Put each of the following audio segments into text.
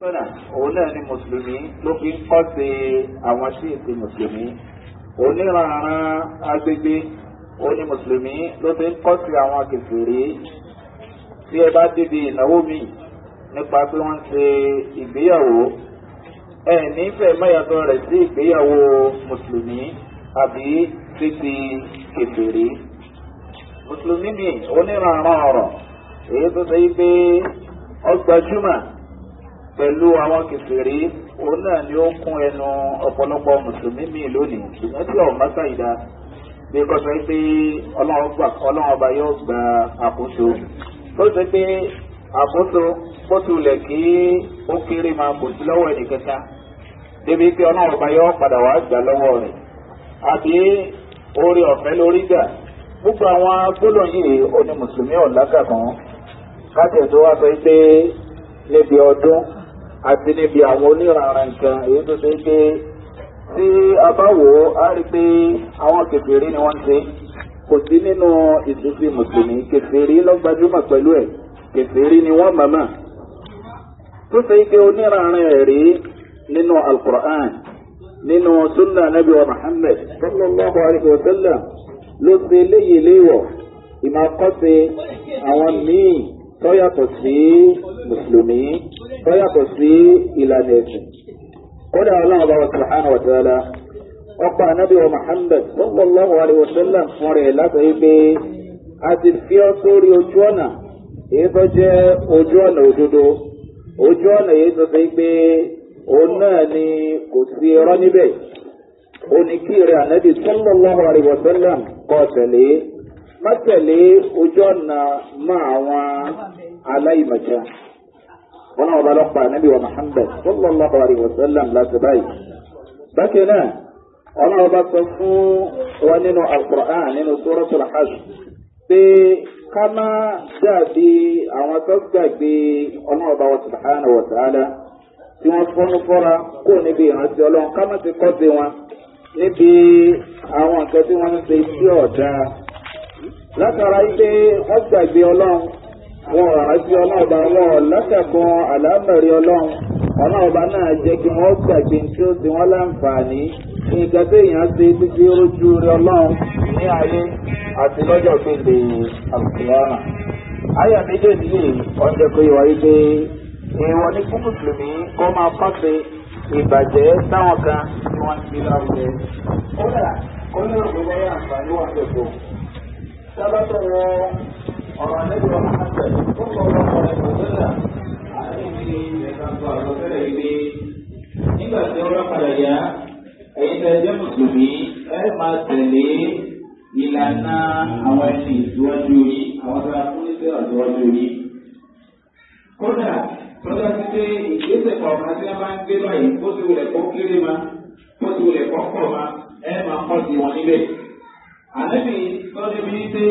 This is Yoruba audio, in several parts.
sọ́nà òun náà ni mùsùlùmí ló fi ń kọ́ sí àwọn ṣíìsì mùsùlùmí oníranran agbègbè òní mùsùlùmí ló fi ń kọ́ sí àwọn kẹfìrí tí ẹ bá débi ìnáwó mi nípa pé wọ́n ń ṣe ìgbéyàwó ẹ nífẹ̀ẹ́ mẹ́yàtọ̀ rẹ̀ sí ìgbéyàwó mùsùlùmí àbí títí kẹfìrí mùsùlùmí ni oníranran ọ̀rọ̀ èyí tó ṣe pé ọgbàjúmọ̀ pẹ̀lú àwọn kẹfẹ́rí òun náà ni ó kún ẹnu ọ̀pọ̀lọpọ̀ mùsùlùmí míì lónìí ṣùgbọ́n tí ọ̀hún bá ṣàyídá bí kò sọ pé ọlọ́run ọba yóò gba àkóso tó sọ pé àkóso bó tilẹ̀ kí ó kéré máa kò sí lọ́wọ́ ẹnìkẹta débi pé ọlọ́run ọba yóò padà wá gbà lọ́wọ́ rẹ̀ àbí orí ọ̀fẹ́ lórí gbà gbogbo àwọn gbólóhùn yìí ó ní mùsùlùmí ọ̀làkà kan káàtì ẹ̀ pé níbi ọdún àti níbi àwọn onírànra nǹkan èyí tó ṣe pé tí a bá wò ó á rí i pé àwọn kékeré ni wọ́n ṣe kò sí nínú ìṣesí mùsùlùmí kékeré lọ́gbàdúmọ̀ pẹ̀lú ẹ̀ kékeré ni wọ́n màmá tó ṣe pé onírànra ẹ̀ rí nínú alukur'an nínú sunna nabi wa muhammed sallallahu alayhi wa sallam ló ṣe léyìí léwọ̀ ìmọ̀ àkọ́ṣe àwọn míì tó yàtọ̀ sí mùsùlùmí ó yàtọ̀ sí ìlànà ẹ̀sìn kódà ọlọ́run bá wa subhanahu wa ta'ala ọkọ̀ anábì wa muhammed sallallahu alayhi wa sallam fún rẹ̀ látàrí pé a ti fi ọ́ sórí ojú ọ̀nà èyí tó jẹ́ ojú ọ̀nà òdodo ojú ọ̀nà èyí tó ṣe pé òun náà ni kò sí irọ́ níbẹ̀ ó anábì sallallahu alayhi wa sallam kọ́ tẹ̀lé má tẹ̀lé ojú ọ̀nà mọ́ àwọn aláìmọ̀já wọn ọba lọ́pàá ànábì wa Muhammad sallallahu alayhi wa sallam láti báyìí. bákan náà ọlọ́run bá sọ fún wa nínú al-Qur'an nínú suratul Hajj pé ká má dàbí àwọn tó gbàgbé ọlọ́run ọba wa subhanahu wa ta'ala tí wọ́n fọ́nú fọ́ra kó níbi ìrántí ọlọ́run ká má ti kọ́ sí wọn níbi àwọn nǹkan tí ń ṣe sí ọ̀dà látara ilé wọ́n gbàgbé ọlọ́run wọn àti ọlọ́ọ̀bá wọn lọ́sẹ̀kan àlámẹ̀rí ọlọ́run ọlọ́ọ̀bá náà jẹ́ kí wọ́n gbàgbé tí ó ti wọ́n láǹfààní nǹkan tó èèyàn ṣe títí ojú rẹ ọlọ́run ní ayé àti lọ́jọ́ gbèdè àlùkìyàmà. àyà méjèèjì yìí wọ́n jẹ́ pé pé ní kó máa kọ́sẹ̀ ìbàjẹ́ táwọn kan tí wọ́n ti ní òkú lọ́yà àǹfààní ọ̀rọ̀ àlejò ọmọ àtẹ̀ tó kọ̀ ọ̀rọ̀ ẹ̀kọ́ sọ́dà àti ìgbàgbọ́ àgbọ̀fẹ́rẹ̀ ilé nígbà tí ó rọ́pàdà yá ẹ̀yin tẹ̀ jẹ́ mùsùlùmí ẹ máa tẹ̀lé ìlànà àwọn ẹni ìdúwájú yìí àwọn tó akú níṣẹ́ ọ̀dúwájú yìí. kódà tọ́jà ti pé ìgbésẹ̀ kọ̀ọ̀kan tí wọ́n bá ń gbé báyìí bó ti wulẹ̀ kó kéré ma bó ti wulẹ̀ kó pọ̀ ma ẹ máa kọ́ sí wọn níbẹ̀. àlẹ́ mi tọ́jú mi ní pé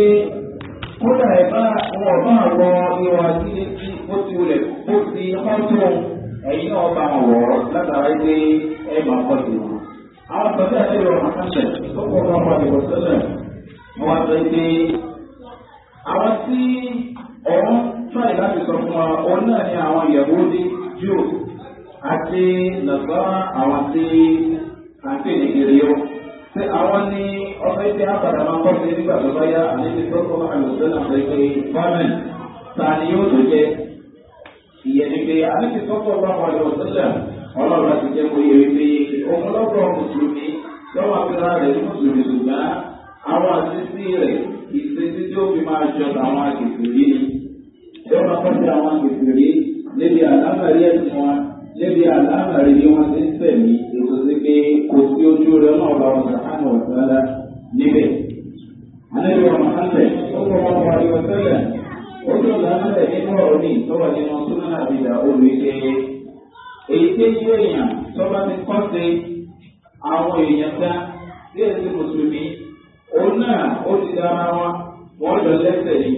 kódà ẹ bá wọn bá wọ ìwà sílé tí ó ti rẹ̀ ó fi kọ́tù ẹ̀yìn náà bá wọ̀ ọ́ látara pé ẹ máa kọ́ sí wọn. àwọn tọ́jú àti ìrọ̀ àkàṣẹ tó pọ̀ fún ọmọ àdìbò sẹ́lẹ̀ wọn wá sọ pé àwọn tí ọ̀hún tíwáì láti sọ fún wa òun náà ni àwọn ìyàwó ní jù àti nàgbà àwọn tí àti ìdílé yóò ṣé àwọn ní ọmọ ẹgbẹ́ àpàdà máa kọ́ sí nígbà tó bá yá àlejò tó kọ́ àlùsọ́ náà lè pe bámẹ́n ta ni yóò tó jẹ ìyẹn ni pé àlejò tó kọ́ bá wà lọ́sọ́ náà ọlọ́run láti jẹ́ kó yẹ wípé òun lọ́kọ̀ mùsùlùmí lọ́wọ́ àfihàn rẹ̀ ní mùsùlùmí ṣùgbọ́n àwọn àṣìṣe rẹ̀ ìṣesí tí ó fi máa jọ àwọn àgbègbè yìí ni lọ́wọ́ àkọ́sí àwọn àgbègbè yìí níbi àlámọ̀rí ẹ̀sìn wọn níbi àlámàrí bí wọ́n ti ń tẹ̀mí ètò sí pé kò sí ojú rẹ̀ náà bá wọn sàánù ọ̀sánlá níbẹ̀. Àlejò ọmọ Hànfẹ̀ ó kọ́ wọn wá ní ọ̀sẹ̀lẹ̀. Ó ní ọ̀gá Hànfẹ̀ nínú ọ̀rọ̀ ní ìtọ́wọ̀ nínú Súnmọ́ Àbìdà olùyẹ. Èyí tí yí èèyàn tó bá ti kọ́ sí àwọn èèyàn ká sí ẹ̀sìn Mùsùlùmí. Òun náà ó ti dára wọn, wọ́n jọ lẹ́sẹ̀ ni.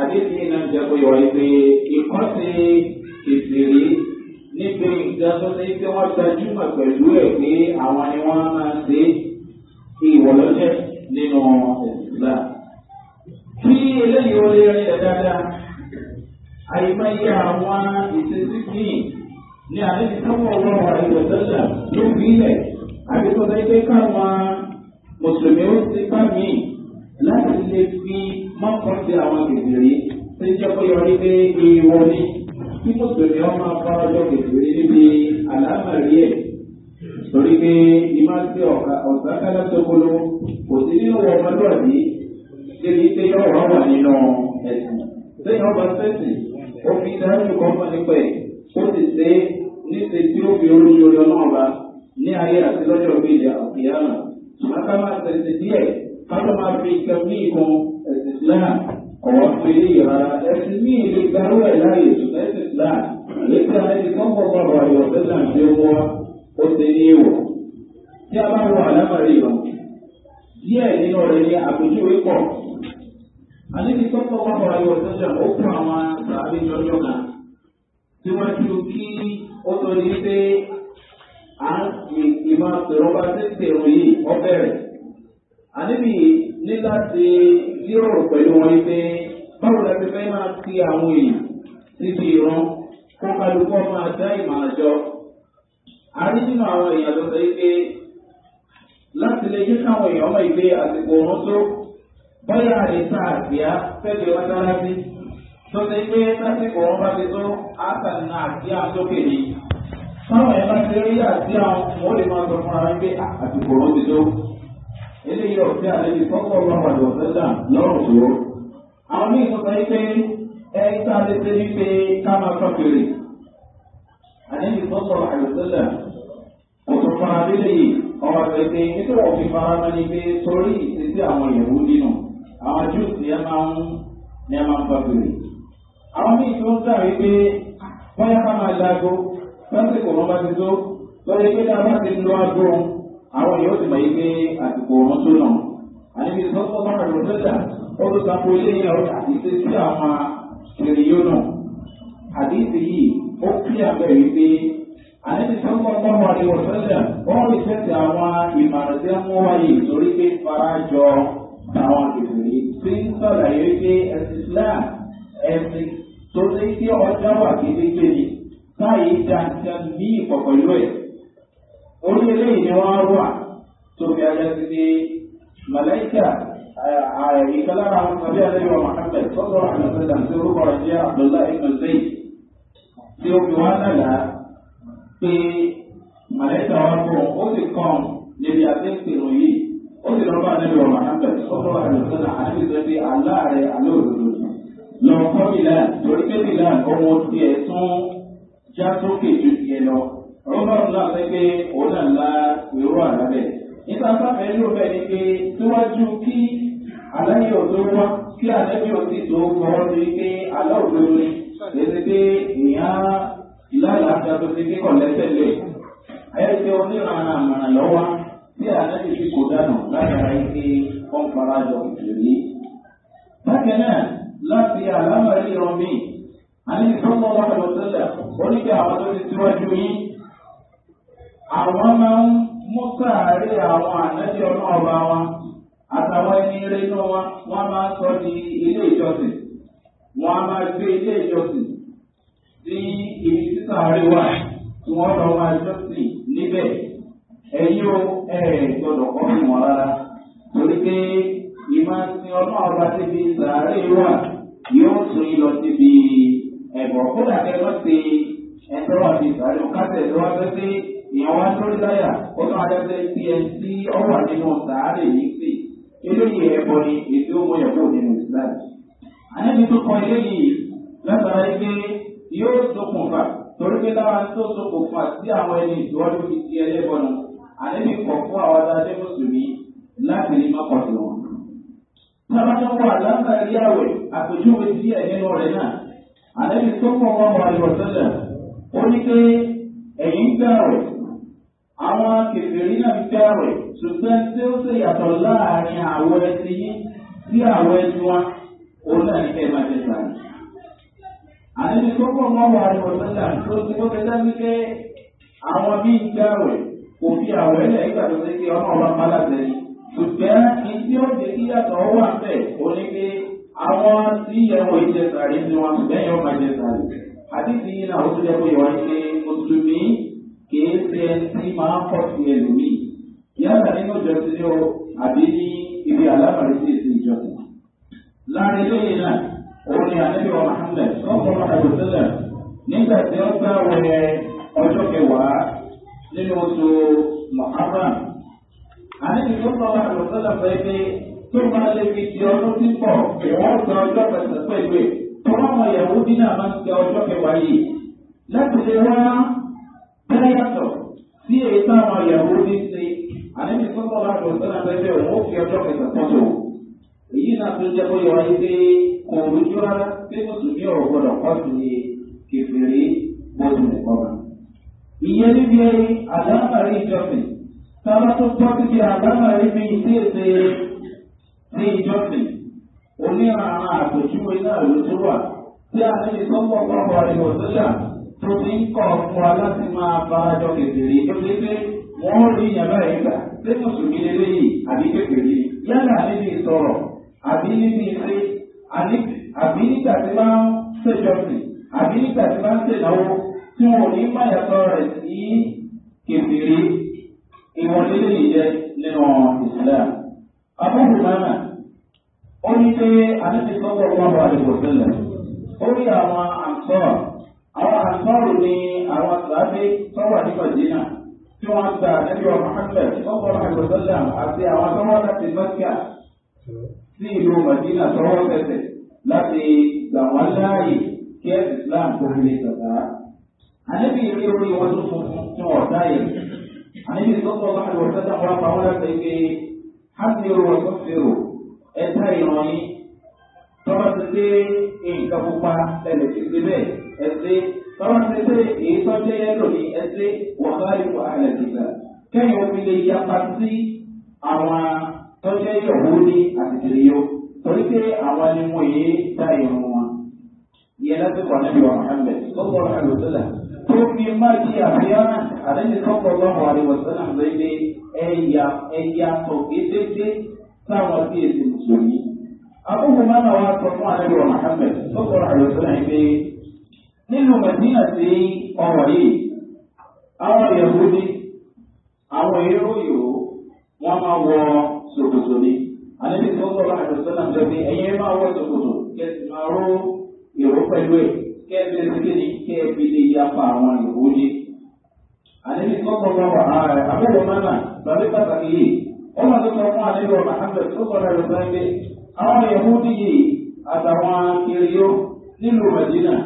Àdéhùn náà jẹ́ pé ìwà ìpè ìkọ́sí kékeré níbi ìdásọ́sẹ́ pé wọ́n gbajúmọ̀ pẹ̀lú ẹ̀ pé àwọn ni wọ́n máa ṣe ìwọ̀lọ́jẹ̀ nínú ìsìlá. kí eléyìí ó lè rìn dáadáa àyèmáyé àwọn ìṣesí kìí ní àdéhùn sọ́wọ́ ọlọ́wọ́ àìwọ̀sẹ́lẹ̀ ló fi ilẹ̀ àbíkọ́sẹ́ pé káwọn mùsùlùmí ó ti bá mi láti lè fi mọ́kànlá àwọn kékeré tó jẹ́ pé yọrí pé ìwọ ni kí mùsùlùmí ọmọ afárajọ kékeré níbi àlámàrí ẹ̀ torí pé ìmá sí ọ̀sán kálá sókolo kò sí nínú ọmọlúwàbí débi pé ọ̀rọ̀ wà nínú ẹ̀sìn lẹ́yìn ọba sẹ́sìn ó fi dáhùn kan mọ́ nípa ẹ̀ ó sì ṣe níṣe tí ó fi orí orí ọlọ́ọ̀ba ní ayé àti lọ́jọ́ ìgbéjà ìyáàmà ṣùgbọ́n ká máa tẹ̀sí díẹ̀ ká ló máa fi ìkẹ́ bí ìkan ẹ̀sìn sílẹ̀ وفيها تسميه للدعوة لا يسمى الإسلام للتعليم a wọ́n ti kí ó tó ní pé à ń ọ nígbà tí lérò pẹ̀lú wọn yìí pé báwo la ti fẹ́ máa ti àwọn èèyàn níbi ìran kó kálukọ́ máa dá ìmọ̀ àjọ. a rí nínú àwọn èèyàn tó sọ pé láti lè yí káwọn èèyàn mọ̀ ìgbé àsìkò òun tó bóyá àdìsá àdìá fẹ́ẹ́ mọ́sálásí tó ṣe pé lásìkò òun bá ti tó àtàlínà àdìá sókè ni. táwọn èèyàn bá ti rí àdìá wọn ò lè máa sọ fúnra wọn pé àsìkò òun ti tó eléyìí ọ̀fẹ́ àlejò tọ́kọ̀ ọlọ́run àdọ̀sẹ́là lọ́rùn tó. àwọn míì sọ pé ẹ tá a lè ṣe ní pé ká máa tọ́ kiri. àlejò tọ́kọ̀ àdọ̀sẹ́là kò tó fara léléyìí ọmọ rẹ̀ pé nítorí wọ́n fi fara mọ́ ni pé torí ìṣesí àwọn ìyẹ̀wò nínú àwọn júùsì ẹ máa ń ní ẹ máa ń tọ́ kiri. àwọn míì tó ń dàrí pé wọ́n yá ká máa lago lọ́sẹ̀ kò wọ́n bá ti tó lọ́yẹ́ àwọn yóò sì mọ̀ yí pé àsìkò ọ̀run tó nà. àníbi sọ́kọ́ bá rẹ̀ lọ́sẹ̀dà ó tó sanwó ilé yẹn ọ̀rọ̀ àdìsẹ́ sí àwọn ṣèrè yóò nà. àdìsẹ́ yìí ó kí àgbẹ̀ yìí pé àníbi sọ́kọ́ bá rẹ̀ lọ́sẹ̀dà wọ́n rí sẹ́sẹ̀ àwọn ìmọ̀ràn tí wọ́n wáyé torí pé farajọ àwọn kìtìrì tí ń sọ̀rọ̀ yìí pé ẹ̀sìn islam ẹ̀sìn tó ní kí ọjọ́ wà kékeré ni táyé dáadáa ní ìpọ̀ ó ní eléyìí ni wọ́n wà tó fi ajá sí pé màláìkà ìkọlára àwọn tàbí àlẹ́wà mohammed sọ́dọ̀ àmọ́sẹ́dà tí orúkọ rẹ̀ jẹ́ abdullahi ibn zayd tí ó fi wá nàlá pé màláìkà wọn bọ̀ ó sì kàn níbi àti ìpinnu yìí ó sì lọ́ba àlẹ́wà mohammed sọ́dọ̀ àmọ́sẹ́dà àti ìtọ́jú aláàrẹ alóòdodo lọ́kọ́ ìlànà torí pé ọmọ tiẹ̀ tún já sókè ju tiẹ̀ lọ rọ́bàrún náà fẹ́ pé òun náà la ìró àlá bẹ́ẹ̀. nípa sáfẹ́ ló bẹ́ẹ̀ ni pé síwájú kí aláyé ọ̀tọ́ wá kí aláyé ọtí tó kọ́ ni pé aláwòdó ni lẹ́sẹ̀ pé ìyàn ìlànà àgbàdo ti kíkọ̀ lẹ́sẹ̀ lẹ̀. ayẹyẹ onírànà àmàrà lọ́wọ́ tí aláyé fi kò dànù látara ike kọ́ńparajọ ìtòlí. bákan náà láti àlámọ̀rí ọ̀mí àní sọ́mọ́ wà lọ́sọ̀lá oníkẹ́ àwọn tó ti síwájú yín àwọn máa ń mú sàárè àwọn ànábì ọlọ́ọ̀bá wọn àtàwọn ẹni eré inú wọn wọn máa ń sọ di ilé ìjọsìn wọn á máa gbé ilé ìjọsìn sí ibi tí sàárè wà tí wọn lọ máa jọsìn níbẹ̀ ẹ̀yin o ẹ̀ gbọ́dọ̀ kọ́ fún wọn rárá torí pé ìmọ̀ sin ọlọ́ọ̀bá síbi sàárè wà yóò tún yín lọ síbi ẹ̀bọ̀ kódà kẹ́ lọ́sẹ̀ ẹ̀tọ́ àti ìsàlẹ̀ òkàtẹ̀ lọ́wọ́ pé ìyẹn wá sórí láyà ó tún adájọ́ ibi ẹ tí ọ wà nínú sàárè yìí pé eléyìí ẹ̀bọ ni èdè ó mọ ẹ̀bọ nínú islam. àyẹ̀bí tó kọ eléyìí látara pé yóò ṣokùnfà torí pé lára tó ṣokùnfà sí àwọn ẹni ìtọ́jú fi ti ẹlẹ́bọ nù àyẹ̀bí kọ̀ fún àwọn adájọ́ mùsùlùmí láti lè má pàdé wọn. tábàjọ́ wà látàrí àwẹ̀ àpèjúwe díẹ̀ nínú rẹ̀ náà àyẹ̀bí tó kọ̀ wọ́n wà ó ní pé ẹ̀yìn gbà àwọn kèfèrí náà ń fẹ́ àwẹ̀ ṣùgbọ́n tí ó ṣe yàtọ̀ láàrin àwọ̀ ẹsẹ̀ yín sí àwọ̀ ẹsẹ̀ wa òun náà ní kẹ́ẹ̀ máa jẹ sàrà. àdébí kókó ọmọ wa ni wọ́n sọ́jà tó ti kó kẹta ní pé àwọn bíi ń fẹ́ àwẹ̀ kò fi àwọ̀ ẹlẹ̀ ìgbà tó ṣe kí ọmọ wa máa láṣẹ yìí. ṣùgbọ́n ìdí òde kí yàtọ̀ ó wà bẹ́ẹ̀ ó ní pé àwọn tí ìyẹ̀wò ìjẹsàrí ni wọn ṣùgbọ́n yóò máa jẹ sàrà. kìí ṣe ẹni tí máa ń pọ̀ sí ẹlòmíì yálà nínú ìjọsìn ní o àbí ní ibi alábàárí sí èsì la láàrin lẹ́yìn náà òun ni àlejò mohammed sọ́kọ́ àdùsílẹ̀ nígbà tí ó gbà wẹ ọjọ́ kẹwàá nínú oṣù muhammad. àlejò sọ́kọ́ Bẹ́ẹ̀ yàtọ̀ sí èyí táwọn ìyàwó ní ṣe àníbi sọ́kọ̀ bá lọ sọ́nà pẹ́pẹ́ òun ó fi ọjọ́ kẹta tọ́jú. Èyí náà tó jẹ́ bóyá wáyé pé kò rújú rárá pé mùsùlùmí ọ̀rọ̀ gbọ́dọ̀ kọ́ sí kẹfìrí bọ́ọ̀lù ọ̀rọ̀. Ìyẹn níbi àdámàrí ìjọsìn tábà tó tọ́ síbi àdámàrí mi sí èsè sí ìjọsìn. Oníran àwọn àpèjúwe náà ló tó wà tí àníbi sọ́kọ̀ bá wà tó ti ń kọ̀ fún wa láti máa bá àjọ kékeré tó ṣe pé wọ́n rí ìyàrá ẹ̀ gbà pé mùsùlùmí lélẹ́yìn àbí kékeré yálà níbi ìsọ̀rọ̀ àbí níbi ìṣe àbí nígbà tí máa ń ṣèjọsìn àbí nígbà tí máa ń ṣènáwó tí wọn ò ní má yàtọ̀ rẹ̀ sí kékeré ìwọ̀n lélẹ́yìn jẹ́ nínú ìsìlẹ̀ àbúrò náà ó ní pé àdébìsọ́gbọ̀n wọn wà lè wọ̀ ó rí àwọn àǹsọ́ọ̀ àwọn àṣọ́rù ni àwọn àtàlẹ́ tó wà ní madina tí wọ́n gba ẹgbẹ́ ọmọ hamlet ọkọ̀ àgbẹ̀sọ́lá àti àwọn tó wọ́n láti mẹ́kà sí ìlú madina tó wọ́n tẹ̀sẹ̀ láti gbà wọ́n láàyè kí ẹ islam kò lè tọ̀tà. àníbi ìwé orí wọn tó funfun tí wọ́n dá yẹn àníbi ìsọ́kọ̀ àgbẹ̀sọ́lá wọn pa wọ́n láti gbé hásìrò wọn tó fèrò ẹ̀ta ìrànyìn tọ́wọ́ ti dé nǹkan pupa ẹ̀lẹ́dẹ̀ẹ́dẹ́ bẹ́ẹ̀ ẹsẹ̀ tọ́lá ti ṣe èyí tó jẹ́ yẹ́lò ní ẹsẹ̀ wàhálà ìwà àlẹ́ ìgbà kẹ́yìn omi lè yapa sí àwọn tó jẹ́ yòówó ní àtìlẹ́yọ torí pé àwọn ni wọ́n yé dá ìrùn wọn. ìyẹn lásìkò ànábì wa muhammed lọ́kọ̀ ọ̀rọ̀ àlùsọ́là tó fi má di àfihàn àlẹ́ni sọ́kọ̀ lọ́wọ́ àríwọ̀sọ́là lóde ẹ̀yà ẹ̀yà tọ̀gẹ́dẹ́gbẹ́ sáwọn sí èsì mùsùlùmí. àkókò máa náà wá sọ fún ànábì wa muhammed lọ́kọ̀ ọ̀rọ̀ àlùsọ́là nínú mẹ̀sínà sí ọ̀rọ̀ yìí àwọn ìyẹ̀wò ní àwọn èrò yòó wọ́n máa wọ ṣòkòtò ní àníbi tó ń sọ láti sọ́nà jọ pé ẹ̀yin máa wọ ṣòkòtò kẹsì máa ró èrò pẹ̀lú ẹ̀ kẹ́ẹ̀bí ẹ̀sìnkí kẹ́ẹ̀bí lè yapa àwọn ìyẹ̀wò ní. àníbi tó ń sọ àbúrò mọ́nà lọ́dún pàtàkì yìí wọ́n máa tó sọ fún tó sọ àwọn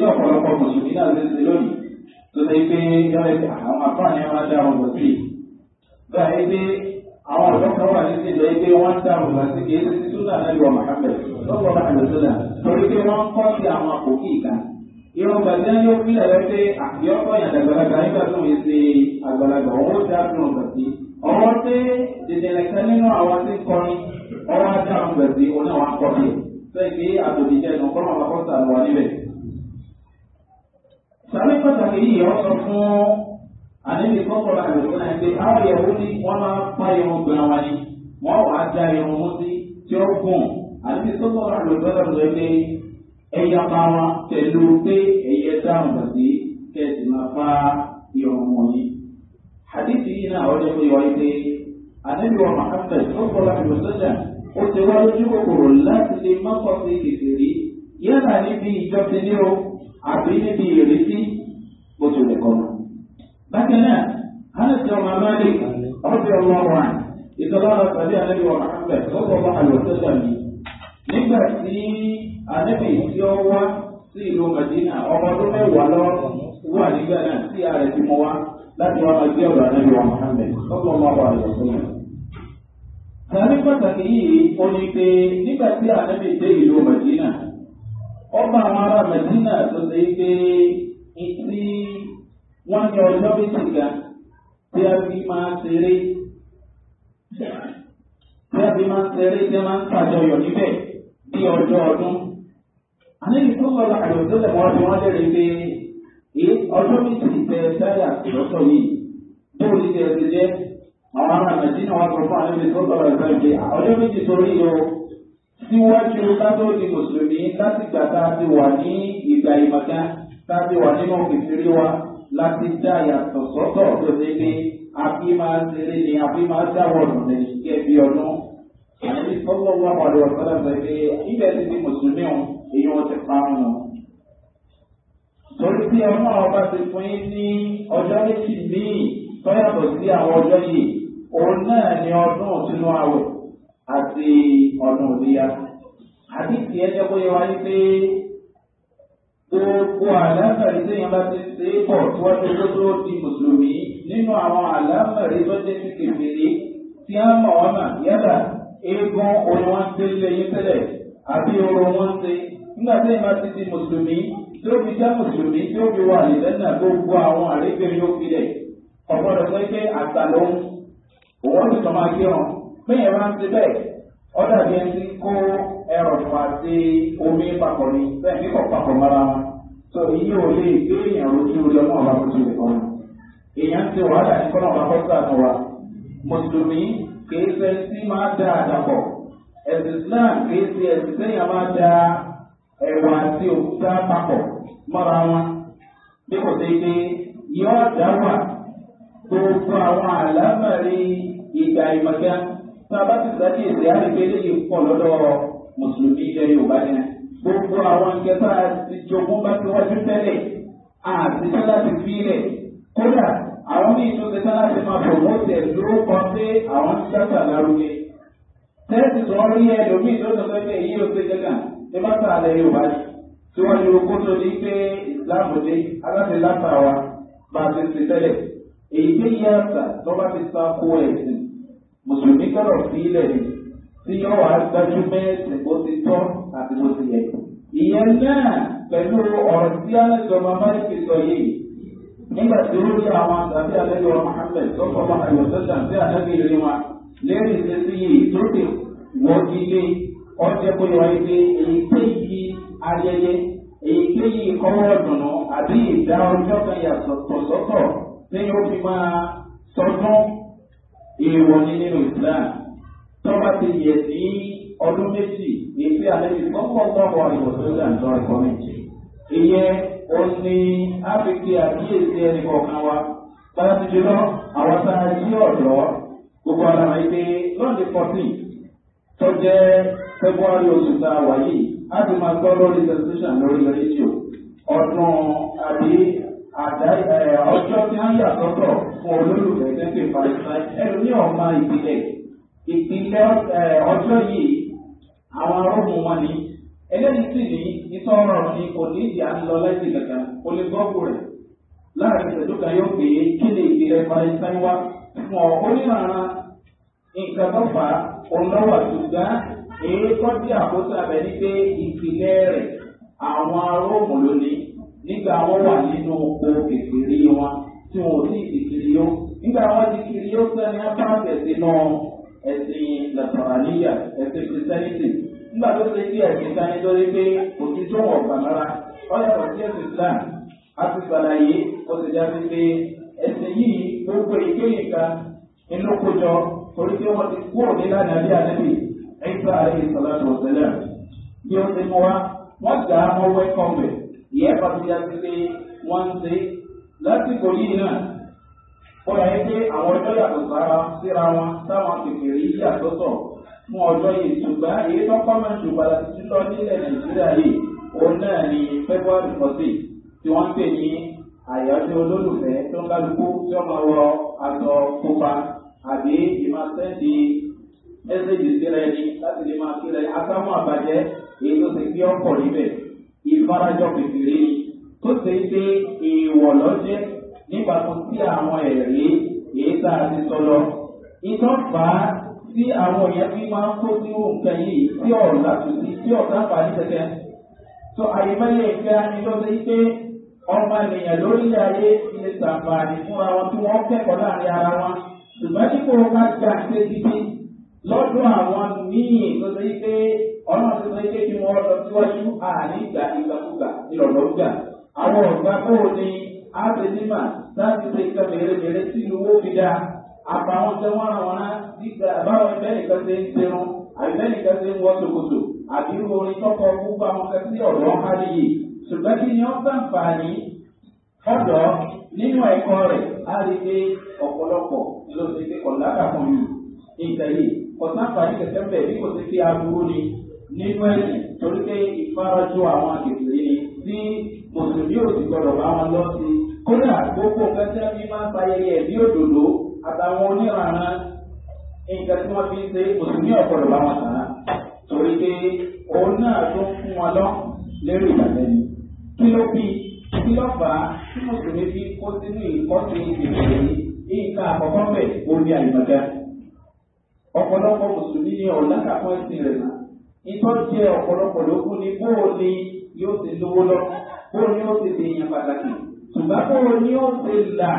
tí ọ̀pọ̀lọpọ̀ mùsùlùmí náà ti ṣe lónìí tó ṣe pé yọ̀rẹ̀ àwọn afáàní wọn dá wọn bọ̀ sí i. bẹ́ẹ̀ ni pé àwọn ọ̀dọ́kan wà ní ti lọ pé wọ́n dá wọn bọ̀ sí i kìí ṣe súnà lẹ́yìn ọmọ àkàbẹ̀ lọ́wọ́ bá àlọ́ sọ́dà torí pé wọ́n kọ́ sí àwọn àpòkì ìka. ìrọ̀gbà tí wọ́n yóò fi lẹ̀ pé àyọ̀kọ̀ ìyàdàgbàlagbà nígbà tó ń ṣe àgbàlagbà owó dá fún ọ̀gbà sí ọwọ́ pé dèdèrèkẹ́ nínú àwọn tí kọrin ọwọ́ dá ọ̀gbà sí oníwàkọ̀ọ̀lẹ̀ fẹ́ gbé àtòdìjẹ́ nù kọ́nà ọ̀gbà kọ́sà lọ níbẹ̀ sàbí pàtàkì yìí wọ́n sọ fún àdébí kọ́kọ́rọ́ àdébí náà pé àwọn ìyàwó ní wọ́n máa pa irun gbọ̀n wa ni wọ́n wà á da irun mú sí tí ó gùn àdébí kọ́kọ́rọ́ àdébí náà sọ pé ẹ̀yà pa wa pẹ̀lú pé ẹ̀yẹ dáhùn sí kẹ̀sì máa fa irun wọn ni. àdébí yìí náà wọ́n lè wọ́n pé àdébí wọn máa ń bẹ̀ kọ́kọ́rọ́ sọ́jà ó ti wá lójú kòkòrò láti lè mọ́kọ́ sí kékeré yálà níbi àbí níbi ìrètí bó tilẹ̀ kọ́. Bákan náà, Hánàtì ọmọ Amádé ọ̀dọ̀ ọmọ wa ìtọ́lára tàbí Anábì wa Muhammed lọ́wọ́ bá àlùfẹ́sà mi. Nígbà tí Anábì tí ó wá sí ìlú Màdínà ọmọ ọdún mẹ́wàá lọ wà nígbà náà tí ààrẹ ti mọ wá láti wá máa gbé ọ̀dọ̀ Anábì wa Muhammed lọ́wọ́ bá wà àlùfẹ́sà mi. Tàbí pàtàkì yìí, ó ní pé nígbà ọba àwọn ará mẹdínà tó ṣe pé tí wọ́n ní ọjọ́ méjì ga tí a fi máa ṣeré tí a fi máa ṣeré tí a máa ń ṣàjọyọ̀ níbẹ̀ bí ọjọ́ ọdún. àníbi tó sọ̀rọ̀ àyọ̀tọ́ lẹ̀ wọ́n fi wọ́n léèrè pé ọjọ́ méjì tẹ sáyà lọ́sọ̀ yìí tó o ti tẹ̀ ẹ́ síwájú kátólì mùsùlùmí látìgbà tá a ti wà ní ìgbà ìmọ̀ká tá a ti wà nínú ìṣeré wa láti dá yàtọ̀ sọ́tọ̀ tó ní pé a fi máa ń ṣeré ni a fi máa ń dáwọ̀ ọ̀nà lè ṣiṣẹ́ bí ọdún. àyẹ̀lí sọ́tọ̀ wà wà lọ́wọ́ sọ́dọ̀ sọ pé ibẹ̀ ti di mùsùlùmí o èyí wọ́n ti pa wọn. torí tí ọmọ ọba ti fún yín ní ọjọ́ méjì míì tọ́yàtọ̀ sí àwọn ọjọ́ yìí òun náà ni ọdún òtún àwẹ̀ àti ọdún òdíyà àdìsí ẹjọ́ kó yẹ wá ní pé gbogbo àlámẹ̀rí tó yẹn bá ti ṣe é pọ̀ tí wọ́n ti tó tó di mùsùlùmí nínú àwọn àlámẹ̀rí tó jẹ́ ti kèfèrè tí wọ́n mọ̀ wọ́n mà yálà eégún orin wọn ti lé yín tẹ́lẹ̀ àbí orun wọn ti nígbà tí yẹn bá ti di mùsùlùmí tí ó fi jẹ́ mùsùlùmí tí ó fi wà lẹ́nà gbogbo àwọn àrégbèrè yóò fi lẹ̀ ọ̀gbọ́dọ̀ pé pé àgbà ló ń òun ọ̀sùn tó máa gbé wọn pé yẹn máa ń ti bẹ́ẹ̀ ọ̀dà bí ẹni kó rọ̀ fún wa sí omi papọ̀ ni bẹ́ẹ̀ ní kò papọ̀ mọ́ra wọn. sọ èyí ò lè gbé èèyàn lójú orí ọmọ ọba tó ti lè kọ́ wọn. èèyàn ti wàhálà ní kọ́nà ọba kọ́sà nù wa. mùsùlùmí kìí ṣe sí máa da àdàpọ̀. ẹ̀sìn islam kìí ṣe ẹ̀sìn sẹ́yìn máa da ẹ̀wà àti òkúta papọ̀ mọ́ra wọn. bí kò ṣe pé yọ ọ̀dà wà gbogbo àwọn àlámọ̀rí ìgbà ìmọ̀gá tá a bá ti sàkíyèsí á lè léyìn pọ̀ lọ́dọ̀ mùsùlùmí ilẹ̀ yorùbá ni gbogbo àwọn ìkẹta àti jogún bá ti wájú tẹ́lẹ̀ àti sọ́dá ti fi rẹ̀ kódà àwọn míì tó ti sọ́dá ti máa fòwò tẹ̀ ló kọ́ pé àwọn ti sọ́dá lárugẹ. tẹ́sí tó rí ẹlòmíì tó sọ pé èyí ò ṣe gẹ́gà ní bàtà alẹ́ yorùbá ni tí wọ́n yóò kó tó di pé ìsìláàmù dé aláṣẹ látà wa bá a ti ṣe tẹ́lẹ̀ èyí tó yẹ àṣà tó bá ti sa kó ẹ̀sìn mùsùlùmí kọ́lọ̀ tí yóò wá gbájú mẹ́sìn bó ti tọ́ àti bó ti yẹ. ìyẹn náà pẹ̀lú ọ̀rọ̀ tí alẹ́sọ̀rọ̀ máìkì sọ yìí nígbà tí ó rí àwọn àtàbí alẹ́yọ̀ mohammed sọ́kọ̀ bá àyọ̀sọ́jà sí àtàbí ìrírí wa lẹ́rìí ṣe sí yìí tó ti wọ́ ilé ọjọ́ pé wọ́n ṣe èyíkéyìí ayẹyẹ èyíkéyìí kọ́wọ́ dùnú àbí ìdá ọjọ́ kan yàtọ̀ sọ́tọ̀ tí yóò fi máa sọdún ìwọ̀n nínú ìsìlámù tọ́ba ti yẹ ní ọdún méjì ní pé àlejò lọ́pọ̀lọpọ̀ ìwọ̀sọ̀rọ̀ àjọ ìkọ́mẹ̀jì. ìyẹn ó ní áfíríkì àkíyèsí ẹnì kọ̀ọ̀kan wa pàtàkì jùlọ àwọn tá a yí ọ̀dọ́ gbogbo ara rẹ̀ pé lọ́ọ̀dì fourteen tó jẹ́ february oṣù tá a wà yìí á ti máa gbọ́ lórí tẹlifíṣàn lórí rédíò ọdún àbí ọjọ́ tí wọ́n yà sọ́tọ̀ fún olólùfẹ́ tẹ́tẹ́ pàṣẹ ẹ̀rù ní ọ̀ma ìbílẹ̀. ìpínlẹ̀ eh, ọjọ́ yìí àwọn arógun wọn ni eléyìí sì ní ìtọ́ ọ̀rọ̀ ni kò ní ìdí àlọ́ lẹ́sìn kankan kò lè gbọ́kù rẹ̀ láàrin ìṣẹ́jú kan yóò pè é kí ni ìpínlẹ̀ palestine wá fún ọ onírànà nǹkan tó fà á ọlọ́wà èyí àwọn wà nínú oko wọn tí wọn ò yó nígbà wọn ti kiri yó ẹ̀sìn làtàràníyà ẹ̀sìn kìrìsìtẹ́nìtì nígbà tó ṣe kí ẹ̀sìn tani tó rí pé òtítọ́ wọ̀ kàmára ọ̀yàtọ̀ sí ẹ̀sìn islam a ti ṣàlàyé ó ti dá sí pé ẹ̀sìn yìí gbogbo ìkéyìí kan inú kójọ torí pé wọ́n ti kú òní lánàá bí ànábì ẹ̀sà àríyé sọ̀láṣọ̀ ọ̀sẹ̀lẹ̀ bí ó ti mú wa wọ́n gbà á mọ́ wẹ́kọ̀ọ̀mẹ̀ ìyẹ́fà ti dá sí pé wọ́n ń ṣe lásìkò yìí náà ó yà pé àwọn ọjọ́ yàtọ̀ sára síra wọn táwọn kékeré yàtọ̀tọ̀ fún ọjọ́ yìí ṣùgbọ́n èyí tó kọ́ máa ń ṣùgbọ́n láti ti lọ nílẹ̀ nàìjíríà yìí òun náà ni february fourteen tí wọ́n ń pè ní àyájọ́ olólùfẹ́ tó ń kálukú tí wọ́n máa wọ aṣọ pupa àbí ìmọ̀sẹ́ǹdì mẹ́sẹ̀gì síra ẹni láti lè máa kíra asámú àbàjẹ́ èyí tó ti gbé ọkọ̀ níbẹ̀ ìfarajọ kékeré tó ṣe é pé ìwọ̀lọ́jẹ́ níbàtú sí àwọn ẹ̀rí èyí tá a ti sọ lọ. Iná fà á tí àwọn èèyàn fi máa ń kó sí nǹkan yìí tí ọ̀rọ̀ láti sí tí ọ̀tá fà á ní tẹ̀tẹ̀. Sọ àyèmọ́lẹ̀ ìfẹ́ anilọ́sẹ̀ pé ọmọ ènìyàn lórílẹ̀ ayé ti lè sàǹfààní fúnra wọn tí wọ́n kẹ́kọ̀ọ́ láàrin ara wọn. Ṣùgbọ́n dípò ká gba ṣe gidi lọ́dún àwọn míì tó ṣe pé ọlọ́run tó ṣe pé kí wọ́n lọ síwájú àárín ìgbà ìgbàkúgbà ìrọ̀lọ́gbà. Àwọn ọ̀gá kóò ní àtẹnimà láti ṣe nǹkan mèremère tí ìlú wo fi dáa àbáwọn tẹ wọn àwọn náà nígbà báwọn ẹgbẹ́ nìkan ṣe ń ṣerun àbẹ́ nìkan ṣe ń wọ ṣòkòtò àbí orin tọkọ gbogbo àwọn kan sí ọ̀dọ́ àlèyé ṣùgbọ́n kí ni wọ́n sàǹfààní ọ̀dọ́ nínú ẹ̀kọ́ rẹ̀ á rí pé ọ̀pọ̀lọpọ̀ ló ṣe pé kọ̀ látàkùn yìí nǹkan yìí kọ̀ sàǹfààní kẹ̀kẹ́ bẹ̀ bí kò ṣe pé aburú ni nínú ẹ̀sìn torí pé ìfarajọ àwọn àgbègbè tí mùsùlùmí ò sì gbọdọ̀ bá wọn lọ sí kódà gbogbo nǹkan tí wọn fi máa ń sayẹyẹ ẹbí òdòdó àtàwọn oníranà nǹkan tí wọn fi ń ṣe mùsùlùmí ọ̀gbọ̀dọ̀ bá wọn sàn án torí pé òun náà tó fún wọn lọ lérò kí ló bí kí ló fà á tí mùsùlùmí fi kó sínú ìkọ́sí nǹkan àkọ́kọ́ bẹ̀ àyùmọ̀dá ọ̀pọ̀lọpọ̀ mùsùlùmí ni ọ̀làkàkọ́ ẹ̀sìn rẹ̀ náà yóò ṣe lówó lọ bó ni ó ṣe dèèyàn pàtàkì ṣùgbọ́n bó ni ó ṣe là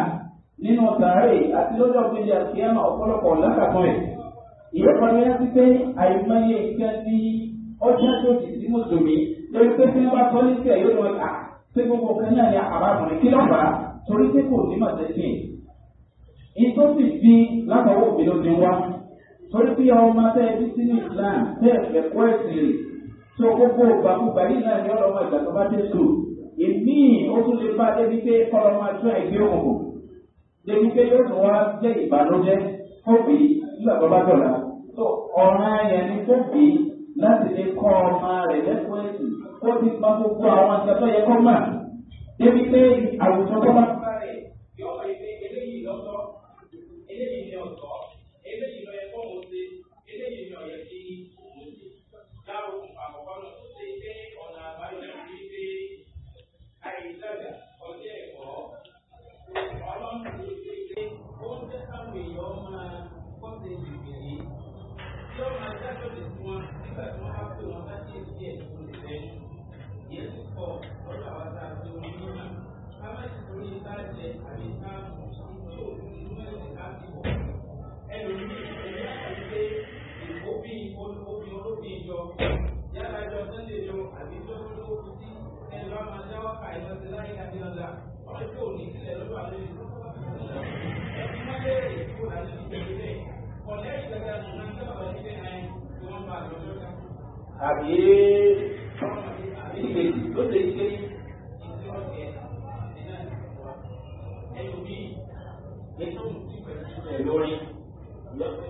nínú sàárè àti lọ́jọ́ gbélé àti ẹ̀mà ọ̀pọ̀lọpọ̀ lákàtọ̀ ẹ̀. ìyẹ́pọ̀ ni wọ́n ti pé àìmọye nǹkan tí ọjọ́ tó ti sí mùsùlùmí lórí pé tí wọ́n bá tọ́ ní tiẹ̀ yóò lọ à pé gbogbo kan náà ni àbábọ̀nrin kí lọ́ba torí pé kò ní màtẹ́sìn. ìtò sì fi látọwọ́ òbí ló ti wá torí pé ọmọ tẹ́ ẹ ti sínú ìlànà tẹ́ ẹ̀fẹ̀ kọ́ ẹ̀sìn tó gbogbo gbàgbà yìí náà ni ọlọ́mọ ìgbà tó bá dé sùn èmi ó tún lè bá débi pé ọlọ́mọ àti ẹgbẹ́ òkùnkùn débi pé yóò tún wá jẹ́ ìbànújẹ́ fòbí nígbà tó bá dọ̀la tó ọ̀ràn yẹn ni fòbí láti lè kọ́ ọmọ rẹ̀ lẹ́kọ̀ọ́ ẹ̀sìn ó ti pa gbogbo àwọn akẹ́kọ̀ọ́ yẹ kọ́ mà débi pé àwùjọ tó bá káfà ìlọsí láyé kájí lọ́la ọ̀rọ̀ tí ò ní sílẹ̀ lọ́dọ̀ àwọn ènìyàn. ẹni wọ́n lé ìkó láti fi tẹ̀lé bẹ́ẹ̀ kọ̀lẹ́ ìgbẹ́ta ṣùgbọ́n tí wọ́n bá ti náà tí wọ́n bá lọ lọ́ta. àbí ìgbè ló ṣe ẹnu bí ètò ìpèsè lórí lọ́sọ̀ọ́